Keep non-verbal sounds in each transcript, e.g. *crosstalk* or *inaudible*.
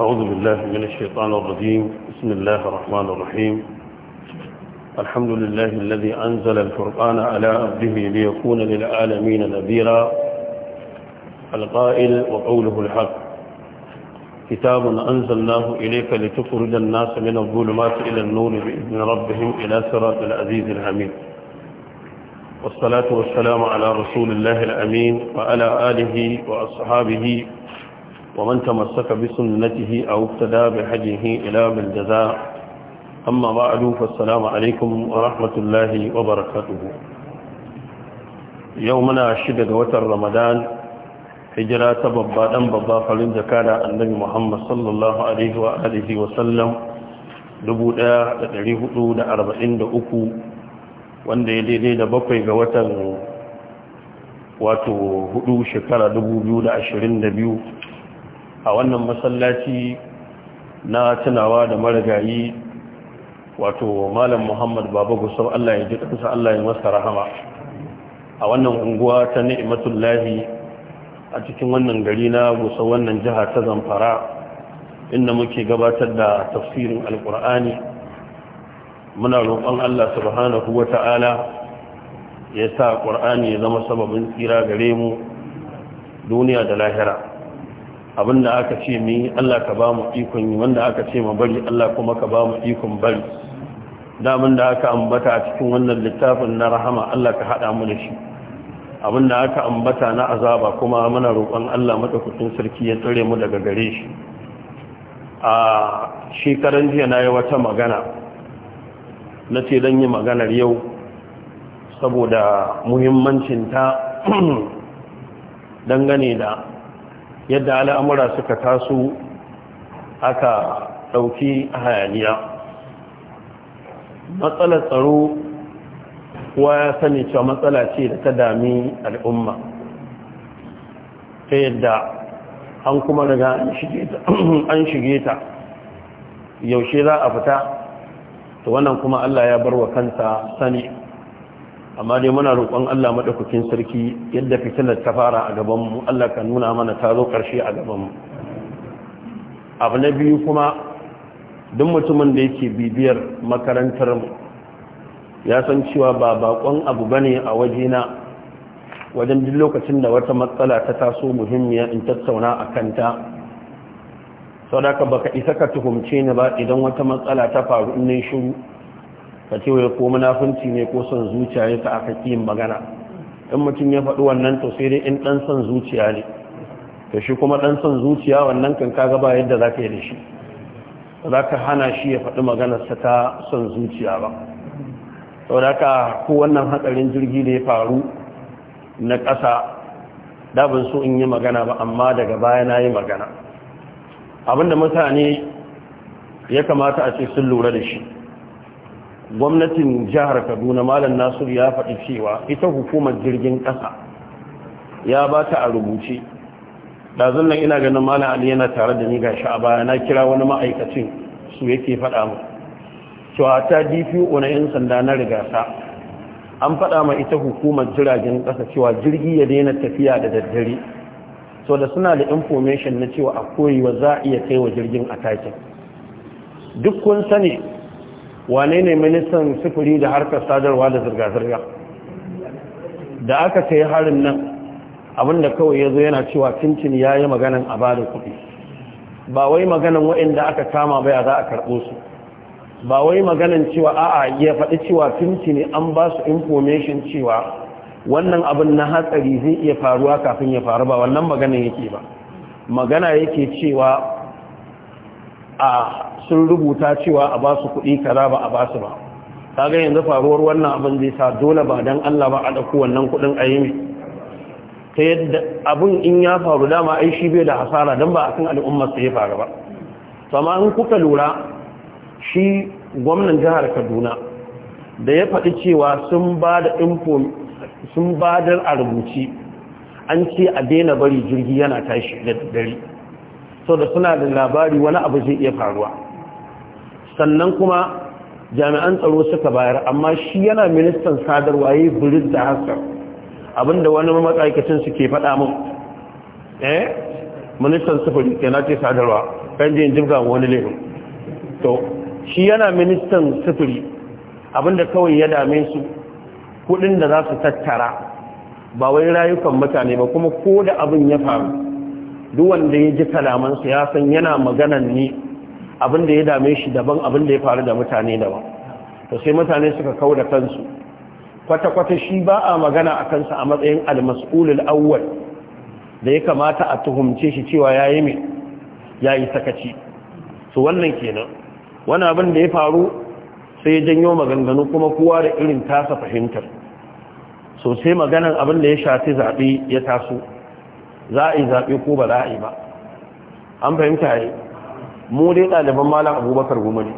أعوذ بالله من الشيطان الرجيم بسم الله الرحمن الرحيم الحمد لله الذي أنزل الفرقان على عبده ليكون للعالمين نذيرا القائل وقوله الحق كتاب أنزلناه إليك لتخرج الناس من الظلمات إلى النور بإذن ربهم إلى صراط العزيز الحميد والصلاة والسلام على رسول الله الأمين وعلى آله وأصحابه ومن تمسك بسنته أو اقتدى بحجه إلى بالجزاء أما بعد فالسلام عليكم ورحمة الله وبركاته يومنا شدد وتر رمضان hijira ta babba dan babba farin jaka da annabi Muhammad sallallahu alaihi wa alihi wa sallam 1443 wanda ya daidai da bakwai ga watan wato hudu shekara 2022 a wannan masallaci na tunawa da marigayi wato malam muhammad baba gusau allah ya ji ƙasa allah ya masa rahama a wannan unguwa ta ni'imatullahi a cikin wannan gari na gusau wannan jiha ta zamfara inda muke gabatar da tafsirin alkur'ani muna roƙon allah subhanahu wa ta'ala ya sa ƙur'ani ya zama sababin tsira gare mu duniya da lahira abin aka ce mi Allah ka ba mu ikon yi wanda aka ce ma bari Allah kuma ka ba mu ikon bari damin da aka ambata a cikin wannan littafin na rahama Allah ka haɗa mu da shi abinda aka ambata na azaba kuma muna roƙon Allah maɗaukakin sarki ya tsare mu daga gare shi a shekaran jiya na yi wata magana na ce don yi maganar yau saboda muhimmancinta *clears throat* dangane da yadda al'amura suka taso aka ɗauki hayaniya matsalar tsaro kuwa ya sani cewa matsala ce da ta dami al'umma ta yadda an kuma riga an shige ta *clears throat* yaushe za a fita to wannan kuma Allah ya bar wa kanta sani amma dai muna roƙon Allah madaukakin sarki yadda fitilar ta fara a gabanmu Allah ka nuna mana ta zo ƙarshe a gabanmu. abu na biyu kuma duk mutumin da yake bibiyar makarantar mu ya san cewa ba bakon abu bane a wajena wajen duk lokacin da wata matsala ta taso muhimmiya in tattauna a kanta sau ka baka isa ka tuhumce ni ba idan wata matsala ta faru in shiru ka ce ko munafunci ne ko son zuciya ne ta aka yin magana in mutum ya faɗi wannan to sai dai in ɗan son zuciya ne to shi kuma ɗan son zuciya wannan kan kaga ba yadda za ka yi da shi za ka hana shi ya faɗi maganarsa ta son zuciya ba sau da ka ko wannan hatsarin jirgi da ya faru na ƙasa da ban so in yi magana ba amma daga baya na yi magana abinda mutane ya kamata a ce sun lura da shi gwamnatin jihar kaduna malam nasir ya faɗi cewa ita hukumar jirgin ƙasa ya ba ta a rubuce ɗazun nan ina ganin malam ali yana tare da ni ga shi a baya na kira wani ma'aikacin su yake faɗa mu cewa ta dpo na 'yan sanda na rigasa an faɗa ma ita hukumar jiragen ƙasa cewa jirgi ya daina tafiya da daddare so da suna da information na cewa a koyewa za a iya kai wa jirgin a takin duk kun sani wane ne ministan sufuri da harkar sadarwa da zirga-zirga da aka kai harin nan abinda kawai ya zo yana cewa cincin ya yi maganan a bada kuɗi ba wai maganan waɗanda aka kama bai a za a karɓo su ba wai maganan cewa a'a ya faɗi cewa cincin an ba su information cewa wannan abin na hatsari zai iya faruwa kafin ya faru ba wannan maganan yake ba magana yake cewa a sun rubuta cewa a ba su kuɗi kaza ba a ba su ba kaga yanzu faruwar wannan abin zai sa dole ba dan Allah ba a ɗauko wannan kuɗin a yi mai. ta yadda abin in ya faru dama ai shi bai da hasara don ba a kan al'ummar ya faru ba sama in kuka lura shi gwamnan jihar kaduna da ya faɗi cewa sun ba da info sun ba a rubuci an ce a daina bari jirgi yana tashi da dare sau da suna da labari wani abu zai iya faruwa sannan kuma jami'an tsaro suka bayar amma shi yana ministan sadarwa ya yi da haskar abinda wani matsaikacin su ke faɗa mun eh ministan sufuri ke na ce sadarwa kan jin jibga wani lehu to shi yana ministan sufuri abinda kawai ya dame su kudin da za su tattara ba wai rayukan mutane ba kuma ko da abin ya faru duk wanda ya ji kalamansu ya san yana maganan ne abin da ya dame shi daban abin da ya faru da mutane daban to sai mutane suka kawo da kansu kwata-kwata shi ba a magana a kansa a matsayin al-mas'ulul awwal da ya kamata a tuhumce shi cewa yayi mai yayi sakaci to wannan kenan wani abin da ya faru sai ya janyo maganganu kuma kowa da irin tasa fahimtar so sai maganan abin da ya shafi zaɓe ya taso za a yi zaɓe ko ba za a yi ba an fahimta mu dai ɗaliban malam abubakar goma ne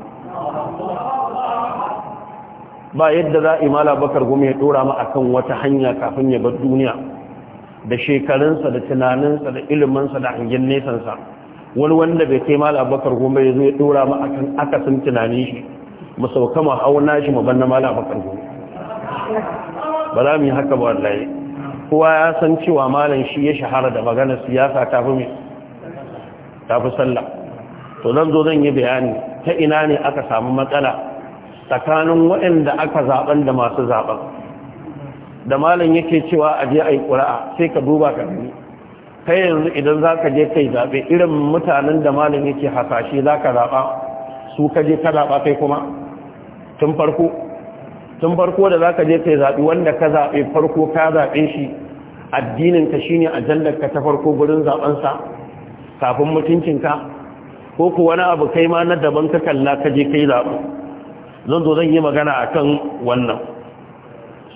ba yadda za a yi malam abubakar goma ya ɗora ma kan wata hanya kafin ya bar duniya da shekarunsa da tunaninsa da iliminsa da hangen nesansa wani wanda bai kai malam abubakar goma ya zo ya ɗora ma akan akasin tunani shi mu sauka mu hauna shi mu banna malam abubakar goma ba za haka ba wallahi kowa ya san cewa malam shi ya shahara da magana siyasa ta fi sallah to zan zo zan yi bayani ta ina ne aka samu matsala tsakanin waɗanda aka zaɓen da masu zaɓen da malam yake cewa a je a yi ƙura'a sai ka duba ka gani kai yanzu idan za ka je kai zaɓe irin mutanen da malam yake hasashe za ka zaɓa su ka je ka zaɓa kai kuma tun farko tun farko da za ka je kai zaɓe wanda ka zaɓe farko ka zaɓe shi addininka shine ajandar ka ta farko gurin zaɓensa kafin mutuncinka ko ku wani abu kai ma na daban ka kalla ka je kai zaɓu zan zo zan yi magana a kan wannan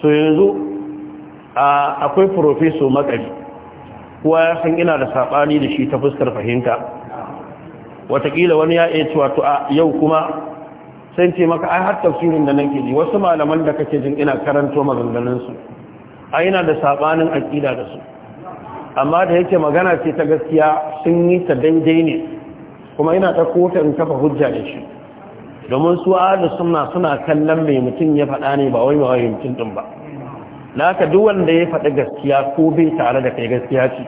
so yanzu akwai profeso makari kuwa ya san ina da saɓani da shi ta fuskar fahimta watakila wani ya iya cewa to a yau kuma sai ce maka ai har tafsirin da nake ji wasu malaman da kake jin ina karanto maganganunsu ai ina da saɓanin aƙida da su amma da yake magana ce ta gaskiya sun yi ta daidai ne kuma ina ta ta in kafa hujja da shi domin su ahlus sunna suna kallon mai mutum ya faɗa ne ba wai ma wai mutum din ba naka duk wanda ya faɗi gaskiya ko bai tare da kai gaskiya ce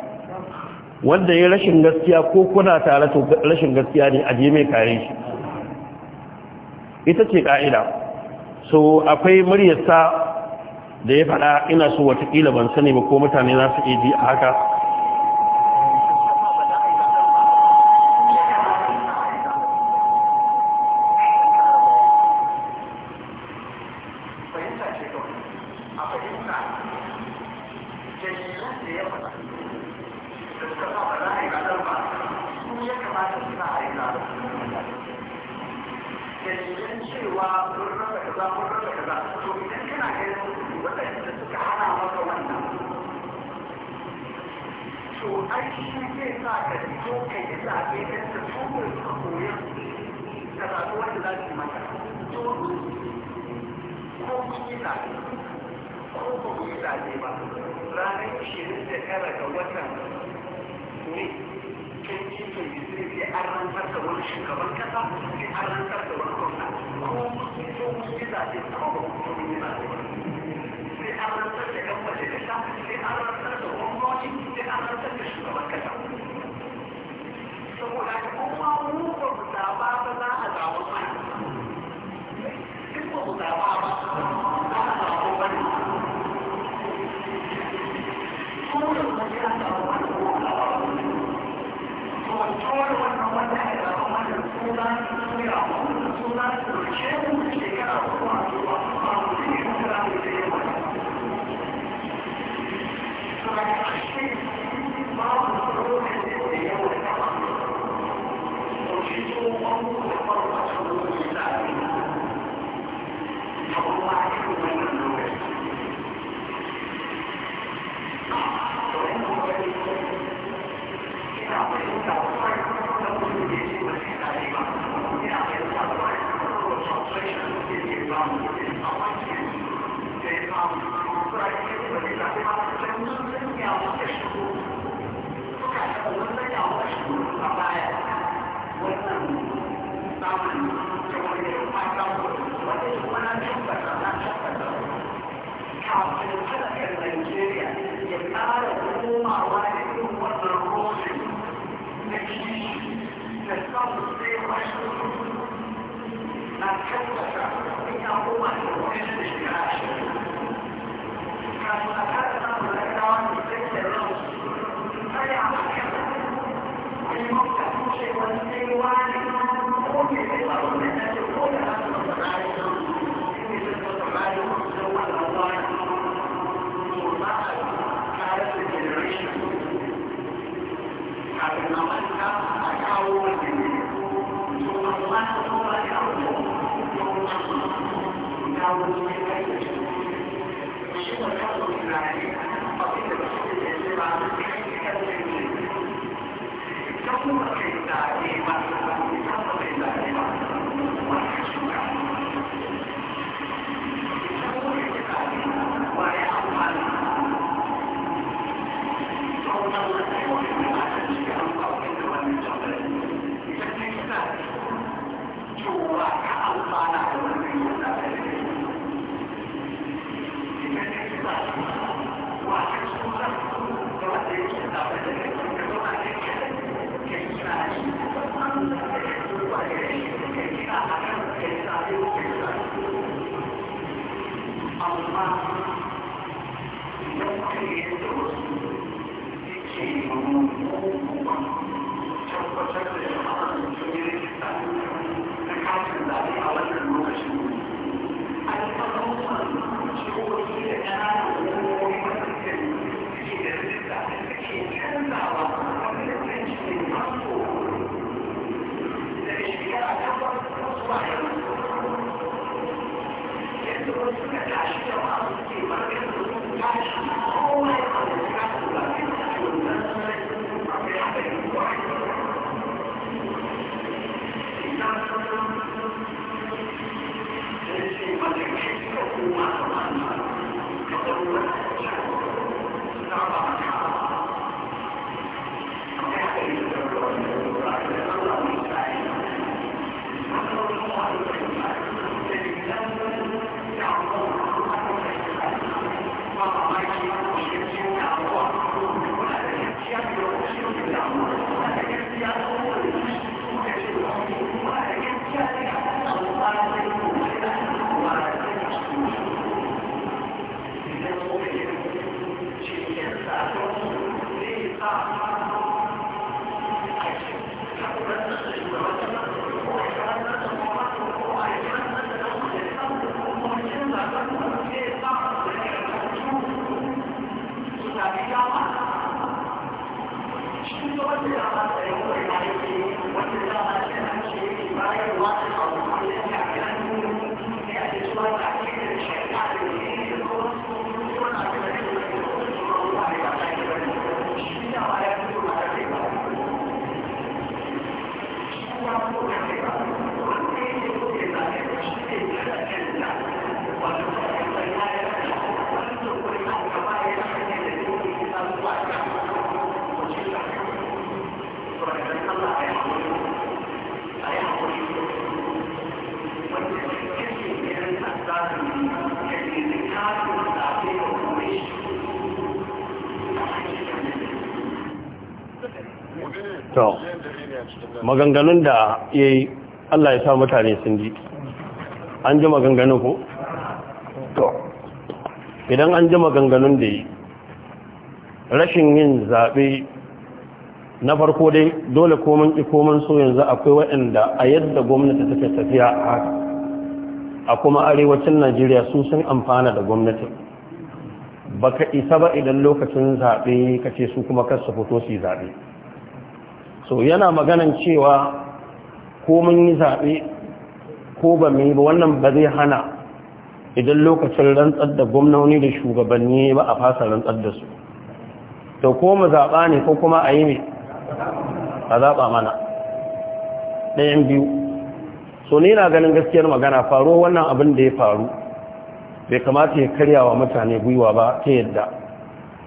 wanda ya rashin gaskiya ko kuna tare to rashin gaskiya ne a mai kare shi ita ce ka'ida so akwai muryarsa da ya faɗa ina so watakila ban sani ba ko mutane za su iya ji a haka Thank you. maganganun da ya yi Allah ya sa mutane sun ji an ji maganganun ku? to idan an ji maganganun da yi rashin yin zaɓe na farko dai dole komin ikomin so yanzu akwai waɗanda a yadda gwamnati take tafiya a kuma arewacin najeriya su sun amfana da gwamnati baka isa ba idan lokacin zaɓe kace su kuma kar foto su yi zaɓe so yana maganan cewa ko mun yi zaɓe ko ba mu yi ba wannan ba zai hana idan lokacin rantsar da gwamnoni da shugabanni ba a fasa rantsar da su to ko mu zaɓa ne ko kuma a yi ne a zaɓa mana ɗayan biyu so ne na ganin gaskiyar magana faruwa wannan abin da ya faru bai kamata ya karyawa mutane gwiwa ba ta yadda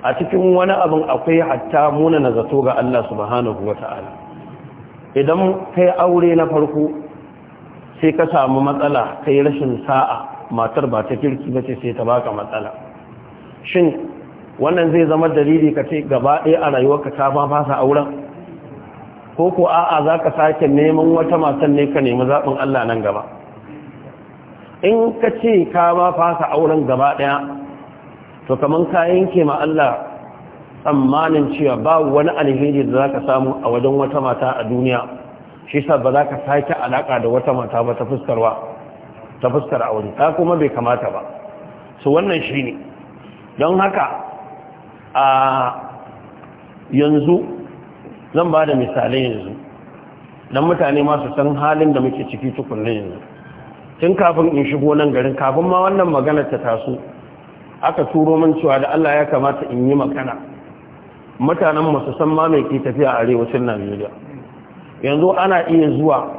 a cikin wani abin akwai hatta muna na zato ga Allah subhanahu wa ta'ala idan kai aure na farko sai ka samu matsala kai rashin sa'a matar ba ta kirki ba ce sai ta baka matsala shin wannan zai zama dalili ka ce gaba ɗaya a rayuwarka ta ba fasa auren ko ko a'a za ka sake neman wata matan ne ka nemi zaɓin Allah nan gaba in ka ce ka ba fasa auren gaba ɗaya to kaman ka yanke ma Allah tsammanin cewa ba wani alheri da za ka samu a wajen wata mata a duniya shi sa ba za ka sake alaƙa da wata mata ba ta fuskarwa ta fuskar wani ta kuma bai kamata ba su wannan shi ne don haka a yanzu zan ba da misalai yanzu don mutane masu san halin da muke ciki tukunan yanzu tun kafin in shigo nan garin kafin ma wannan magana ta taso aka turo man cewa da Allah ya kamata in yi makana mutanen masu san ma mai ke tafiya a arewacin Najeriya yanzu ana iya zuwa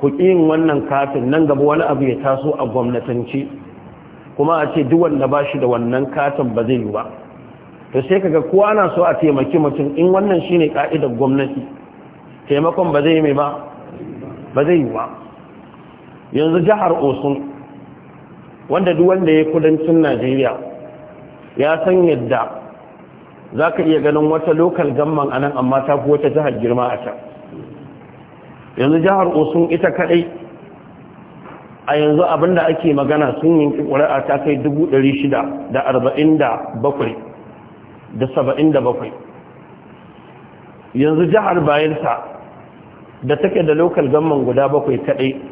ku yin wannan katin nan gaba wani abu ya taso a gwamnatanci kuma a ce duk wanda ba shi da wannan katin ba zai yi ba to sai kaga kowa na so a taimaki mutum in wannan shine ka'idar gwamnati taimakon ba zai yi ba ba zai yi ba yanzu jihar Osun wanda duk wanda ya kudancin najeriya ya san yadda za ka iya ganin wata lokal gamman a nan amma ta fi wata jihar girma a can yanzu jihar osun ita kadai a yanzu abinda ake magana sun yanki ƙuri'a ta kai 647 yanzu jihar bayelsa da take da lokal gamman guda bakwai kadai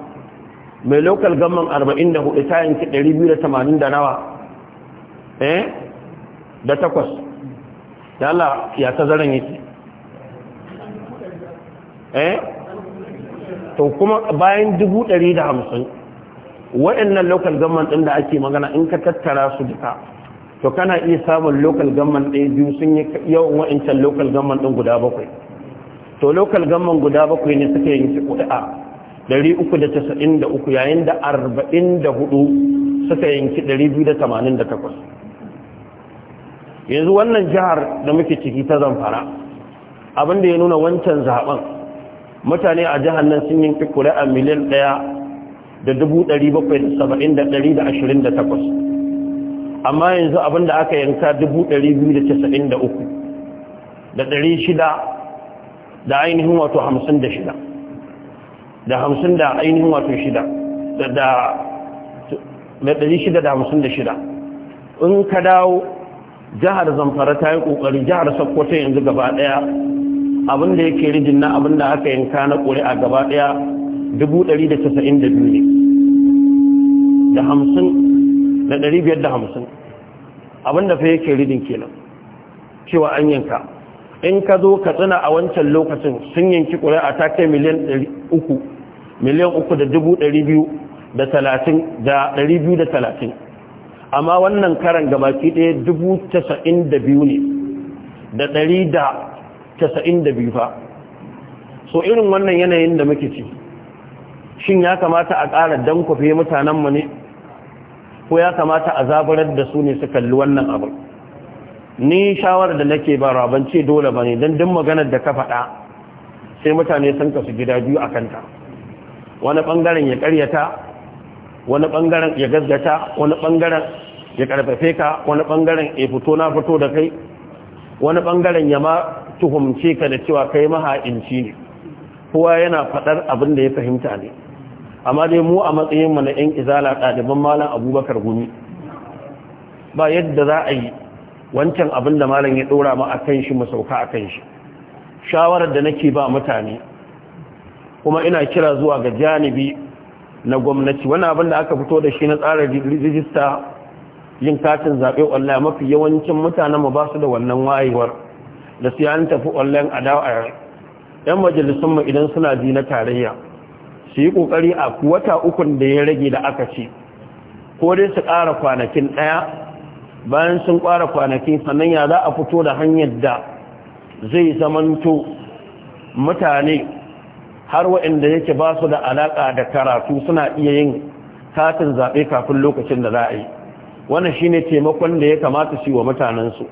mai local da 44 ta yanki 280 da nawa eh da takwas da Allah ya ta zaren yake eh to kuma bayan 150 waɗannan local gamman ɗin da ake magana in ka tattara su duka to kana iya samun local gamman ɗaya biyu sun yi yawan waɗancan local gamman ɗin guda bakwai to local gamman guda bakwai ne suka yanki ƙuri'a 393 yayin da 44 suka yanki 288 yanzu wannan jihar da muke ciki ta zamfara abinda ya nuna wancan zaben mutane a jihar nan sun yanki a miliyan 1 da 770 da amma yanzu abin da aka yanka 293 da 600 da ainihin wato 56 da hamsin da ainihin wato shida da ɗari shida da hamsin da shida in ka dawo jihar zamfara ta yi ƙoƙari jihar sokoto yanzu gaba daya abin da yake rijin na abin da aka yanka na a gaba daya dubu ɗari da casa'in da biyu ne da hamsin da ɗari biyar da hamsin abin da fa yake rijin kenan cewa an yanka in ka zo ka tsina a wancan lokacin sun yanki ƙuri'a ta kai miliyan uku miliyan uku da dubu ɗari biyu da talatin da ɗari biyu da talatin amma wannan karan gabaki ɗaya dubu casa'in da biyu ne da ɗari da casa'in da biyu fa so irin wannan yanayin da muke ci shin ya kamata a ƙara dankwafe mutanenmu ne ko ya kamata a zabarar da su ne su kalli wannan abin ni shawarar da nake ba raban ce dole ba ne don duk maganar da ka faɗa sai mutane sun kasu gida biyu a kanta wani ɓangaren ya ƙaryata wani ɓangaren ya gazgata wani ɓangaren ya ƙarfafe ka wani ɓangaren ya fito na fito da kai wani ɓangaren ya ma tuhumce ka da cewa kai maha'inci ne kowa yana faɗar abin da ya fahimta ne amma dai mu a matsayin mu na 'yan izala ɗaliban malam abubakar gumi ba yadda za a yi wancan abin da malam ya dora ma akan shi mu sauka akan shi shawarar da nake ba mutane kuma ina kira zuwa ga janibi na gwamnati wani abin da aka fito da shi na tsara rijista yin katin zaɓe online mafi yawancin mutanen mu ba su da wannan wayewar da su an tafi online a yan majalisun mu idan suna ji na tarayya su yi ƙoƙari a wata ukun da ya rage da aka ce ko dai su ƙara kwanakin ɗaya bayan sun ƙwara kwanaki sannan ya za a fito da hanyar da zai zamanto mutane har waɗanda yake ba su da alaƙa da karatu suna iya yin katin zaɓe kafin lokacin da za a yi shi shine taimakon da ya kamata su wa mutanensu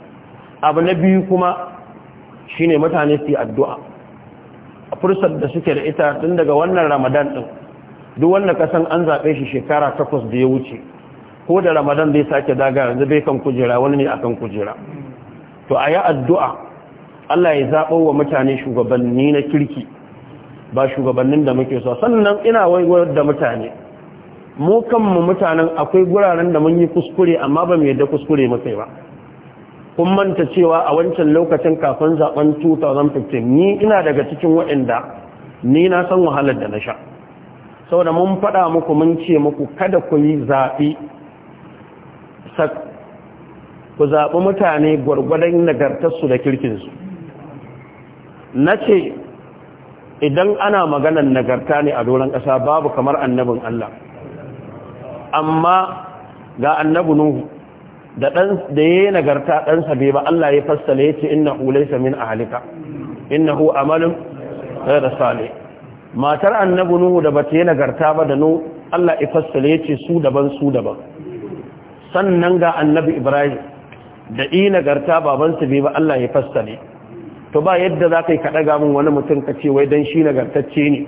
abu na biyu kuma shi ne mutane su yi addu'a a fursar da suke da ita tun daga wannan ramadan ɗin duk wanda kasan an zaɓe shi shekara takwas da ya wuce ko da ramadan zai sake daga yanzu bai kan kujera wani ne akan kujera to a yi addu'a Allah ya zaɓo wa mutane shugabanni na kirki ba shugabannin da muke so sannan ina waiwar da mutane mu kanmu mutanen akwai guraren da mun yi kuskure amma ba mu yadda kuskure muka ba kun manta cewa a wancan lokacin kafin zaben 2015 ni ina daga cikin waɗanda ni na san wahalar da na sha saboda mun faɗa muku mun ce muku kada ku yi zaɓi ku zaɓi mutane gwargwadon nagartarsu da kirkinsu na ce idan ana maganar nagarta ne a doron ƙasa babu kamar annabin Allah amma ga annabi Nuhu da ɗan da yi nagarta ɗansa bai ba Allah ya fassala yace innahu laysa min ahlika innahu amalun da Sale. matar annabi Nuhu da bata yi nagarta ba da nu Allah ya ya ce su daban su daban sannan ga annabi ibrahim da yi nagarta babansu bai ba Allah ya fasta ne to ba yadda za ka yi kaɗa gamin wani mutum ka ce wai don shi nagartacce ne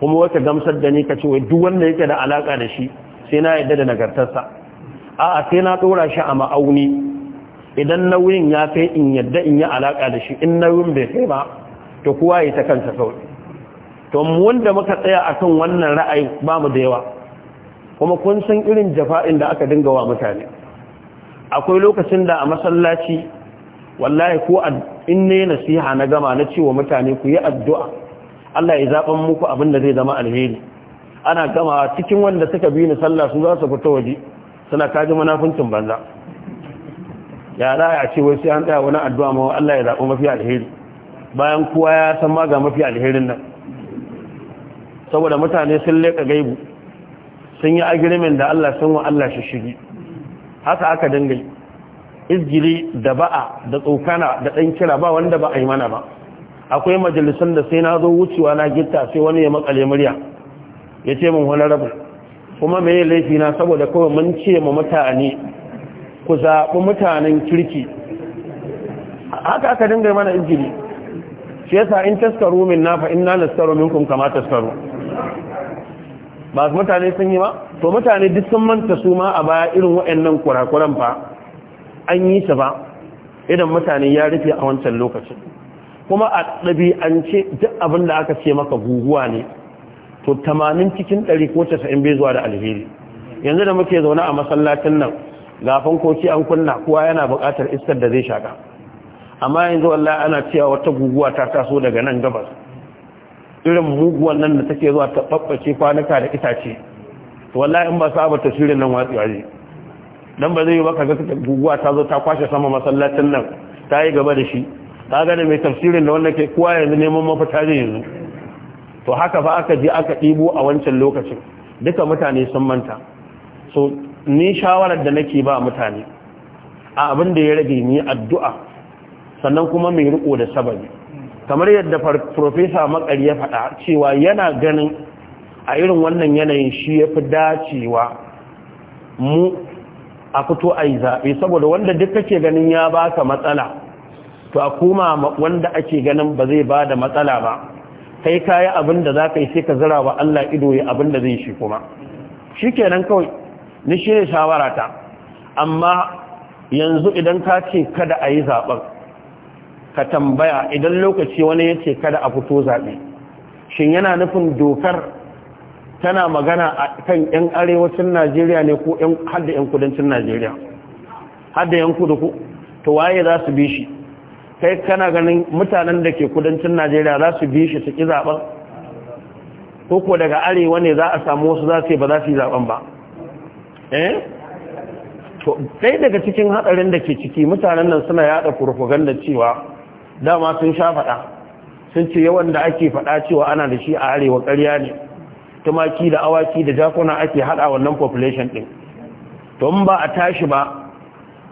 kuma wata gamsar da ni ka ce wai duk wanda yake da alaƙa da shi sai na yadda da nagartarsa a'a sai na ɗora shi a ma'auni idan nauyin ya kai in yadda in yi alaƙa da shi in nauyin bai kai ba to kowa ya ta kansa sau to wanda muka tsaya akan wannan ra'ayi ba da yawa kuma kun san irin jafa'in da aka dinga wa mutane akwai lokacin da a masallaci wallahi ko in ne nasiha na gama na cewa mutane ku yi addu'a Allah ya zaɓan muku abin da zai zama alheri ana gama cikin wanda suka bi ni sallah su za su fito waje suna kaji munafincin banza ya za a ce wai sai an tsaya wani addu'a ma Allah ya zaɓi mafi alheri bayan kowa ya san ma ga mafi alherin nan saboda mutane sun leka gaibu sun yi agirimin da Allah sun wa Allah shi shiri haka aka dangai izgiri da ba'a da tsokana da ɗan kira ba wanda ba a yi mana ba akwai majalisun da sai na zo wucewa na gita sai wani ya makale murya ya ce min wani rabu kuma mai laifi na saboda kawai mun ce ma mutane ku zaɓi mutanen kirki haka aka dinga mana izgiri shi yasa in taskaro min na fa na naskaro minkum kama taskaro ba mutane sun yi ba to mutane duk sun manta su ma a baya irin waɗannan kurakuran fa an yi su ba idan mutane ya rufe a wancan lokacin kuma a ce duk abin da aka ce maka guguwa ne to 80 cikin 100 ko 90 bai zuwa da alheri yanzu da muke zaune a masallacin nan ga fankoki an kunna kowa yana buƙatar iskar da zai shaka amma yanzu wallahi ana cewa wata guguwa ta taso daga nan gabas irin muguwan nan da take zuwa ta babbace kwanuka da itace to wallahi in ba sa ba tasirin nan watsi waje dan ba zai ga ta guguwa ta zo ta kwashe sama masallacin nan ta yi gaba da shi ta ga da mai tafsirin da wannan ke kowa yanzu neman mafita zai yanzu to haka fa aka je aka ɗibo a wancan lokacin duka mutane sun manta so ni shawarar da nake ba mutane a abin da ya rage ni addu'a sannan kuma mai riko da sababi. kamar yadda profesa makari ya faɗa cewa yana ganin a irin wannan yanayin shi ya fi dacewa mu a fito a yi zaɓe saboda wanda duk kake ganin ya ba ka matsala to a koma wanda ake ganin ba zai ba da matsala ba kai kayi abin da za ka yi sai ka zira wa Allah ido ya abin da zai shi kuma shi kenan kawai ni shi ne shawarata amma yanzu idan ka ce kada a yi zaɓen ka tambaya idan lokaci wani ya ce kada a fito zaɓe shin yana nufin dokar tana magana a kan 'yan arewacin najeriya ne ko hadda 'yan kudancin najeriya hadda 'yan kudu ku to waye za su bi shi kai kana ganin mutanen da ke kudancin najeriya za su bi shi su ƙi zaɓen ko ko daga arewa ne za a samu wasu za su ba za su yi zaɓen ba eh to ɗaya daga cikin haɗarin da ke ciki mutanen nan suna yaɗa da cewa dama sun sha faɗa sun ce yawan da ake faɗa cewa ana da shi a arewa ƙarya ne tumaki da awaki da jakuna ake haɗa wannan population ɗin don ba a tashi ba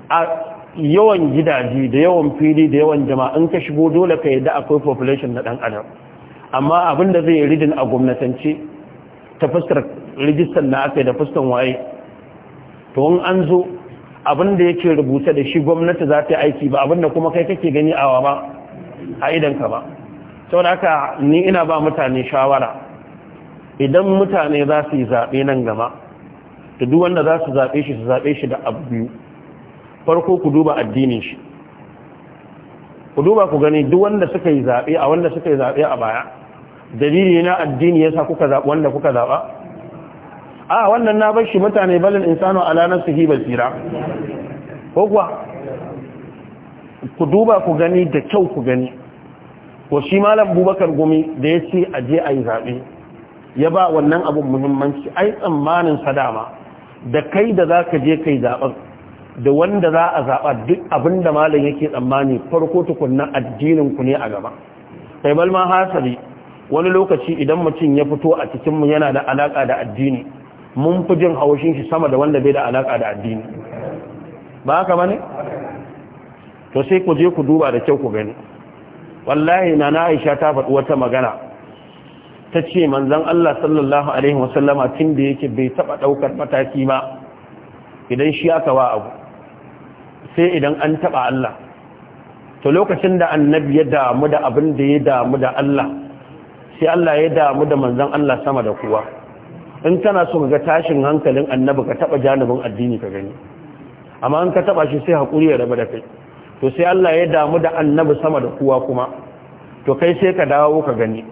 a yawan gidaje da yawan fili da yawan jama'a in ka shigo dole ka yadda akwai population na ɗan adam amma abin da zai ridin a gwamnatance ta fuskar rijistar na aka da fuskar waye to in an zo abin da yake rubuta da shi gwamnati za ta aiki ba abin da kuma kai kake gani awa ba a idanka ba sau da haka ni ina ba mutane shawara idan mutane za su yi zaɓe nan gama da duk wanda za su zaɓe shi su zaɓe shi da abu biyu farko ku duba addinin shi ku duba ku gani duk wanda suka yi zaɓe a wanda suka yi zaɓe a baya dalili na addini ya kuka wanda kuka zaɓa a wannan na bar shi mutane balin insano ala nafsihi tsira ko kuwa ku duba ku gani da kyau ku gani ko shi malam bubakar gumi da ya ce a je a yi zaɓe ya ba wannan abin muhimmanci ai tsammanin sadama da kai da za ka je kai zaɓen da wanda za a zaɓa duk abin da malam yake tsammani farko tukunna addinin ku ne a gaba kai balma hasari wani lokaci idan mutum ya fito a cikin mu yana da alaka da addini mun fi jin haushin shi sama da wanda bai da alaka da addini ba haka bane to sai ku je ku duba da kyau ku gani wallahi na na aisha ta faɗi wata magana ta ce manzan Allah sallallahu alaihi wasallama tun da yake bai taɓa ɗaukar mataki ba idan shi aka wa abu sai idan an taɓa Allah to lokacin da annabi ya damu da abin da ya damu da Allah sai Allah ya damu da manzan Allah sama da kuwa in kana so ga tashin hankalin annabi ka taɓa janibin addini ka gani amma in ka taɓa shi sai haƙuri ya raba da kai to sai Allah ya damu da annabi sama da kuwa kuma to kai sai ka dawo ka gani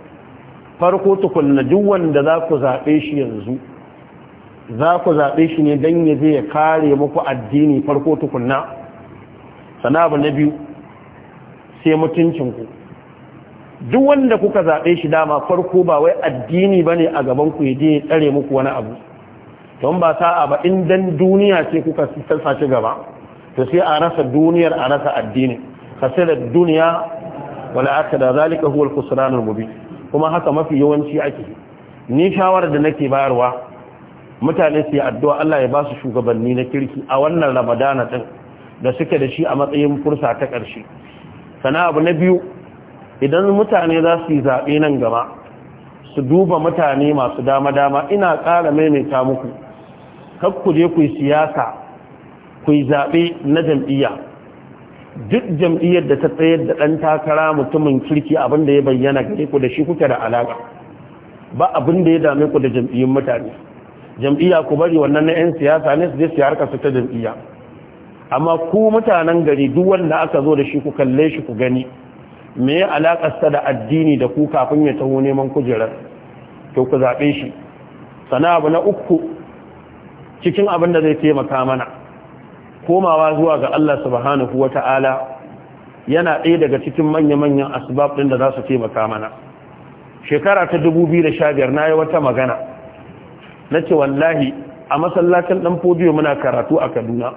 farko tukunna duk wanda za ku zaɓe shi yanzu za ku zaɓe shi ne don ya kare muku addini farko tukunna sana na biyu sai mutuncinku duk wanda kuka zaɓe shi dama farko ba wai addini ba ne a gabanku ya je ya tsare muku wani abu don ba sa'a ba in dan duniya ce kuka sace gaba to sai a rasa duniyar a rasa addini da duniya wala akada zalika huwa al-khusran al-mubin kuma haka mafi yawanci ake ni shawarar da nake bayarwa mutane su yi addu'a Allah ya ba su shugabanni na kirki a wannan Ramadana din da suke da shi a matsayin fursa ta karshe sana abu na biyu idan mutane za su yi zaɓe nan gaba su duba mutane masu dama-dama ina ƙara maimaita muku kakku je ku yi siyasa ku yi zaɓe na jam'iyya duk jam'iyyar da ta tsayar da ɗan takara mutumin kirki abin da ya bayyana gare ku da shi kuke da alaƙa ba abin da ya dame ku da jam'iyyun mutane jam'iyya ku bari wannan na 'yan siyasa ne su je su harka su ta jam'iyya amma ku mutanen gari duk wanda aka zo da shi ku kalle shi ku gani me ya sa da addini da ku kafin ya taho neman kujerar to ku zaɓe shi sana abu na uku cikin abin da zai taimaka mana komawa zuwa ga Allah subhanahu wa Ta'ala yana ɗaya daga cikin manya-manyan asbab ɗin da za su taimaka mana shekara ta dubu 2015 na yi wata magana na ce wallahi a masallacin ɗan fodiyo muna karatu a kaduna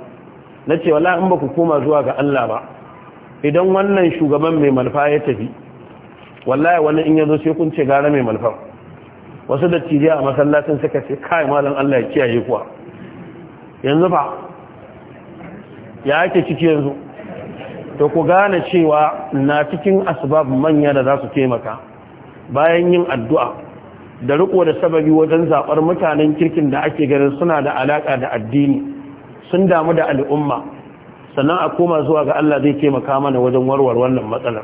na ce wallahi in ba ku koma zuwa ga Allah ba idan wannan shugaban mai malfa ya tafi wallahi wani in zo sai kun ce gara mai malfa wasu da a masallacin suka ce kai malam Allah ya kiyaye kuwa yanzu fa ya ake ciki yanzu to ku gane cewa na cikin asbab manya da za su taimaka bayan yin addu'a da riko da sababi wajen zaɓar mutanen kirkin da ake ganin suna da alaƙa da addini sun damu da al'umma sannan a koma zuwa ga Allah zai taimaka mana wajen warware wannan matsalar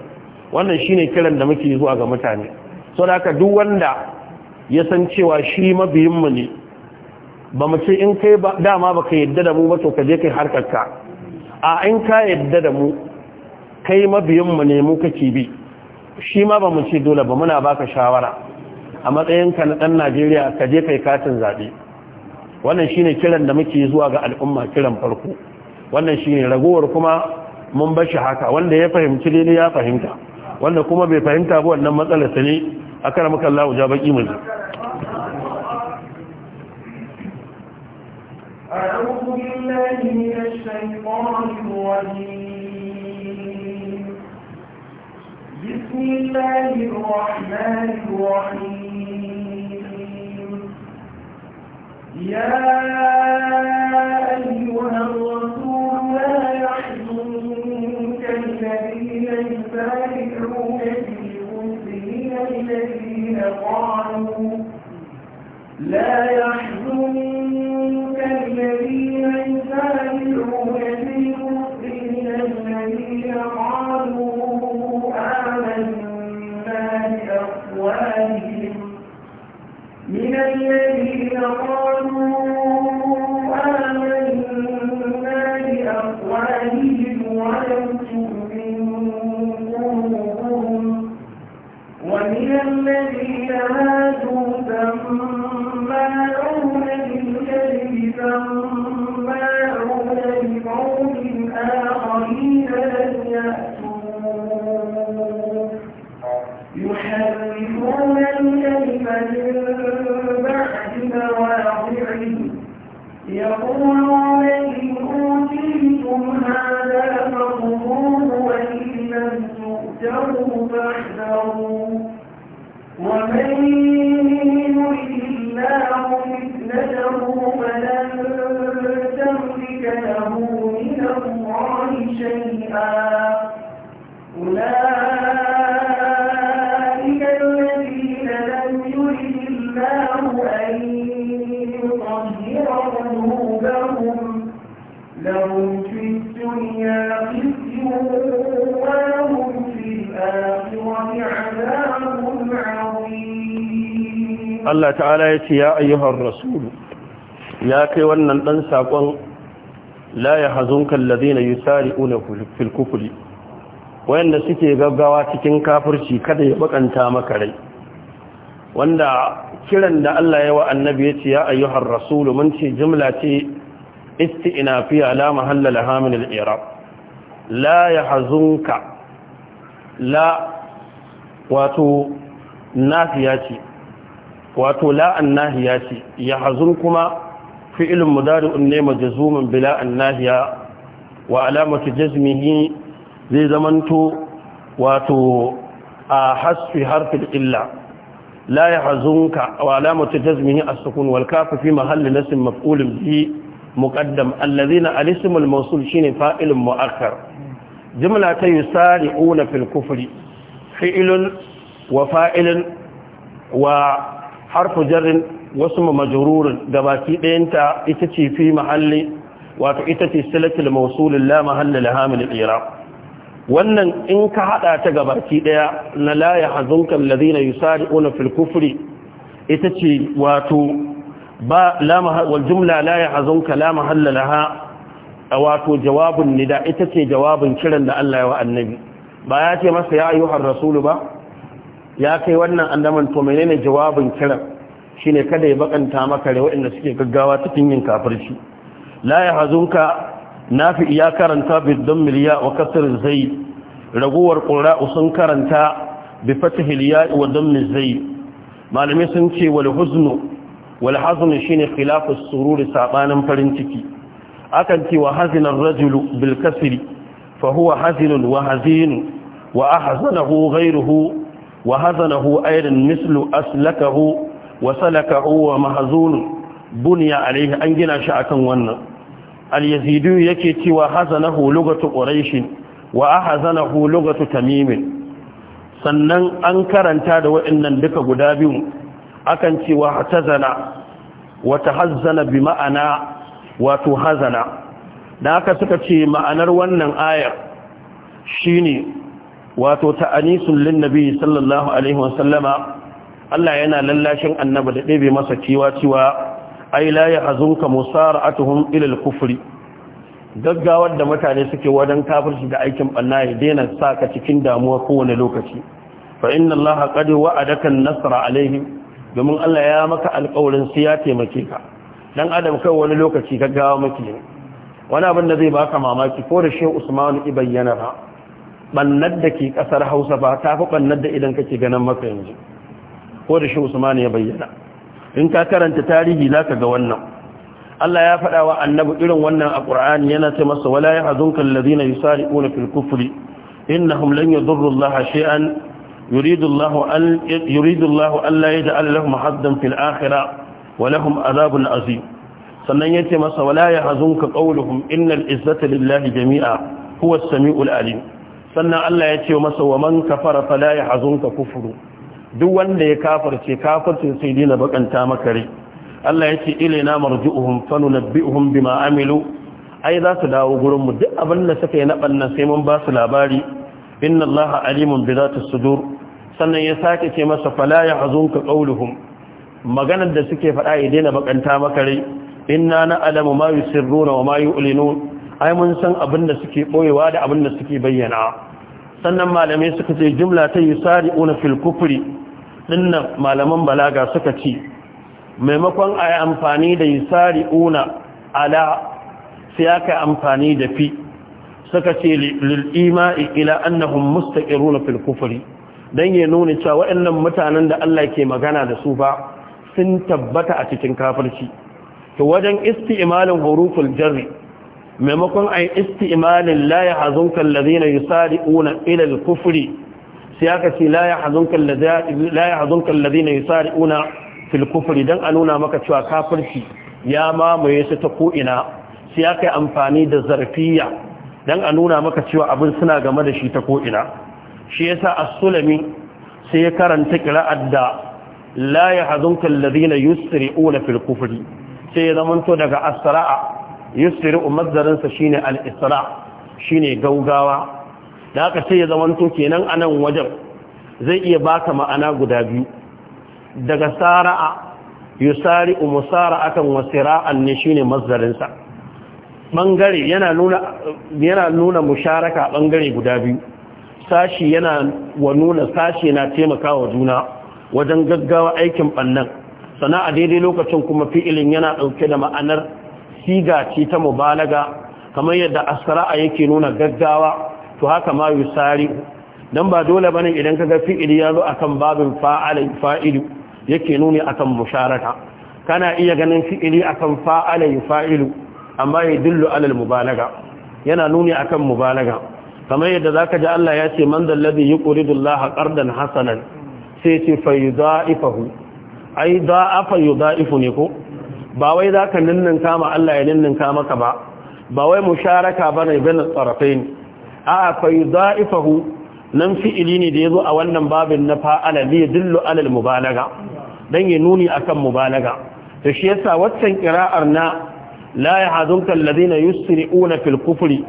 wannan shine kiran da muke zuwa ga mutane so da haka duk wanda ya san cewa shi mabiyinmu ne ba mu ce in kai dama baka yadda da mu ba to ka je kai ka a in ka yadda da mu kai mabiyinmu ne mu kake bi shi ma ba mu ce dole ba muna baka shawara a matsayinka na ɗan najeriya ka je kai katin zaɓe wannan shine kiran da muke zuwa ga al'umma kiran farko wannan shine ragowar kuma mun bashi haka wanda ya fahimci ne ya fahimta wanda kuma bai fahimta ba wannan matsalarsa ne akan muka Allah ja baki mu أعوذ بالله من الرجيم بسم الله الرحمن الرحيم يا أيها الرسول لا يحزنك الذين يسارعون في الكفر من الذين قالوا لا يحزنك Allah ta'ala ya ce ya ayyuhar rasulu ya kai wannan dan sakon la yahzunka alladhina yusari'una una filkukuli. wayanda suke gaggawa cikin kafirci kada ya bakanta maka rai wanda kiran da Allah ya wa annabi ya ce ya ayyuhar rasulu mun ce jimla ce isti'nafiya la mahalla laha min la yahzunka la wato nafiya ce wato la'an nahiya ce ya hazun kuma fi'ilin mudari'un ne majazumin bi la'an nahiya wa alamatu jazmihi zai zamanto wato a hasfi harfin illa la ya hazunka wa alamatu jazmihi a sukun wal fi mahalli nasb maf'ul bihi muqaddam alladhina al-ism shine fa'ilun mu'akkar jumla ta yusari'una fil kufri fi'ilun wa fa'ilun wa harfu jarin wasu majrurin da baki ɗayanta ita ce fi mahalli wato ita ce silatul mawsulin la mahalla laha min al wannan in ka hada ta ga baki daya na la yahzunka alladhina yusari'una fil kufri ita ce wato ba la wal jumla la ya hazunka la mahalla laha wato jawabun nida ita ce jawabin kiran da Allah ya wa annabi ba ya ce masa ya ayyuhar rasulu ba ya kai wannan andaman to menene jawabin kiran shine kada ya bakanta maka da waɗanda suke gaggawa cikin yin kafirci la ya hazunka nafi iya karanta bi dhammil ya wa zai raguwar qura'u sun karanta bi fathil ya wa zai malamai sun ce wal huznu wal shine khilafu sururi sabanin farin ciki akan ce wa hazina rajulu bil kasri fa huwa hazinun wa hazin wa ahzanahu ghayruhu wa hazanahu ayrin mislu aslakahu wa salakahu wa mahzun bunya alayhi an gina shi akan wannan al-yazidu yake cewa hazanahu lugatu quraish wa ahzanahu lugatu tamim sannan an karanta da waɗannan duka guda biyu akan cewa hatazana wa tahazzana bi ma'ana wato hazana da aka suka ce ma'anar wannan ayar shine wato ta'anisun linnabi sallallahu alaihi wasallama Allah yana lallashin annabi da ɗebe masa cewa ciwa ai la yahzunka musara'atuhum ila al-kufri gaggawar da mutane suke wajen kafirci da aikin banna ya daina ka cikin damuwa kowane lokaci fa inna Allah qad wa'adaka an-nasra alaihim domin Allah ya maka alƙawarin sai ya taimake ka dan adam kai wani lokaci gaggawa maki wani abin da zai baka mamaki ko da Sheikh Usman ibayyana ba bannar da ke kasar hausa ba ta fi bannar da idan kake ganin maka yanzu ko da shi usman ya bayyana in ka karanta tarihi za ka ga wannan Allah ya faɗa wa annabi irin wannan a Qur'ani yana ce masa wala yahzunka alladhina yusari'una fil kufri innahum lan yadurru Allah shay'an yuridu Allah an yuridu Allah an la yaj'al lahum haddan fil akhirah wa lahum adhabun azim sannan yace masa wala yahzunka qawluhum innal izzata lillahi jami'a huwa as-sami'ul alim sannan Allah ya ce masa wa man kafara fala ka kufuru duk wanda ya kafarce, kafarce sai dina bakanta maka rai Allah ya ce ilaina marji'uhum fanunabbi'uhum bima amilu ai za su dawo gurin mu duk abin da suka yi na bannan sai mun ba su labari inna Allah alimun bi zati sudur sannan ya sake ce masa fala ka qawluhum maganar da suke faɗa ya daina bakanta maka rai inna na'lamu ma yusirruna wa ma yu'linun ai mun san abin da suke boyewa da abin da suke bayyana sannan malamai suka ce jumla ta yusari'una fil kufri dinnan malaman balaga suka ce maimakon ai amfani da una ala sai aka amfani da fi suka ce lil ima'i ila annahum mustaqiruna fil kufri dan ya nuna cewa waɗannan mutanen da Allah ke magana da su ba sun tabbata a cikin kafirci to wajen isti'malin huruful jarri maimakon yi isti'malin la hazunkan alladhina yusari'una ila Ilal Kufuri. sai aka ce la hazunkan alladhina la yahzunka alladhina yusari'una fil kufri dan a nuna maka cewa kafirci ya mamaye su ta ko ina sai aka yi amfani da zarfiya dan a nuna maka cewa abin suna game da shi ta ko ina shi yasa as-sulami sai ya karanta qira'at da hazunkan yahzunka alladhina yusri'una fil Kufuri. sai ya zamanto daga as yusri'u umazzarinsa sa shine al-isra shine gaugawa da aka ce ya zamanto kenan anan wajen zai iya baka ma'ana guda biyu daga sara'a yusari musara'atan wa sira'an ne shine mazzarinsa bangare yana nuna yana nuna musharaka bangare guda biyu sashi yana wa nuna sashi na taimakawa juna wajen gaggawa aikin bannan sana'a daidai lokacin kuma fi'ilin yana dauke da ma'anar siga ce ta mubalaga kamar yadda asra'a yake nuna gaggawa to haka ma yusari dan ba dole bane idan kaga fi'ili ya akan babin fa'ala fa'ilu yake nuni akan musharaka kana iya ganin fi'ili akan fa'ala fa'ilu amma ya dillu alal mubalaga yana nuni akan mubalaga kamar yadda zaka ji Allah ya ce man dalladhi yuqridu Allah qardan hasanan sai ce fa ai da'afa yudaifu ne ko ba wai za ka ninninka ma Allah ya ninninka maka ba ba wai musharaka ba ne bin tsarafin a akwai za'ifahu nan fi'ili ne da ya zo a wannan babin na fa'ala ne dillo alal mubalaga dan ya nuni akan mubalaga to shi yasa waccan kira'ar na la yahzunka alladhina yusri'una fil kufri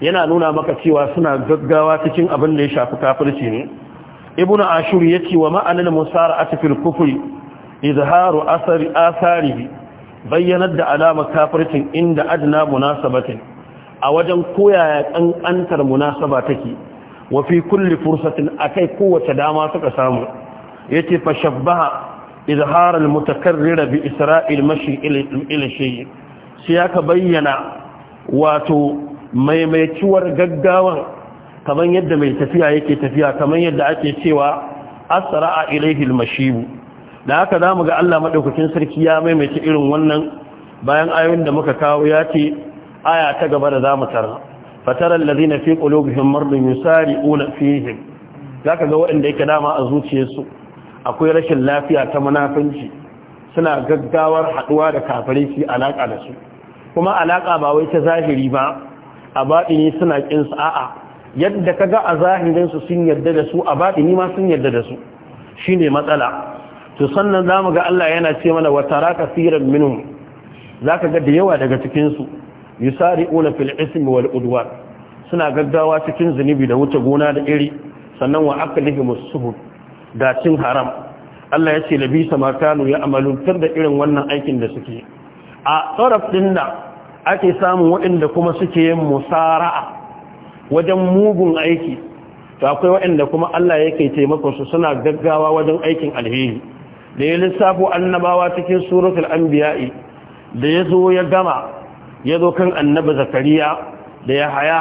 yana nuna maka cewa suna gaggawa cikin abin da ya shafi kafirci ne ibnu ashur yace wa ma'anal musara'ati fil kufri izharu asari bayyanar da alamar kafircin inda adana munasabatin a wajen koyaya ƙanƙantar munasaba take wafi kulle kulli a akai kowace dama suka samu yace fa shabbaha izhar al-mutakarrir bi isra'il mashi ila shay sai aka bayyana wato maimaituwar gaggawan kaman yadda mai tafiya yake tafiya kaman yadda ake cewa asra'a a ilaihil mashib da haka za mu ga Allah maɗaukakin sarki ya maimaita irin wannan bayan ayoyin da muka kawo ya ce aya ta gaba da za mu tara fatarar lazi na fi ƙulobihim mardin yusari una fihim za ka ga waɗanda yake dama a zuciyarsu akwai rashin lafiya ta munafunci suna gaggawar haɗuwa da kafare su alaƙa da su kuma alaƙa ba wai ta zahiri ba a baɗini suna ƙinsu a'a yadda ka ga a zahirinsu sun yarda da su a baɗini ma sun yarda da su shine matsala to sannan za mu ga Allah yana ce mana wa tara kaseeran za zaka ga da yawa daga cikin su yusari'una fil ismi wal udwa suna gaggawa cikin zunubi da wuce gona da iri sannan wa aka lihi da cin haram Allah ya ce labi samakanu ya ya amaluntar da irin wannan aikin da suke a tsaraf din da ake samu waɗanda kuma suke yin musara'a wajen mugun aiki to akwai waɗanda kuma Allah yake taimakon su suna gaggawa wajen aikin alheri da ya lissafo annabawa cikin suratul anbiya'i da ya zo ya gama ya zo kan annabi zakariya da ya haya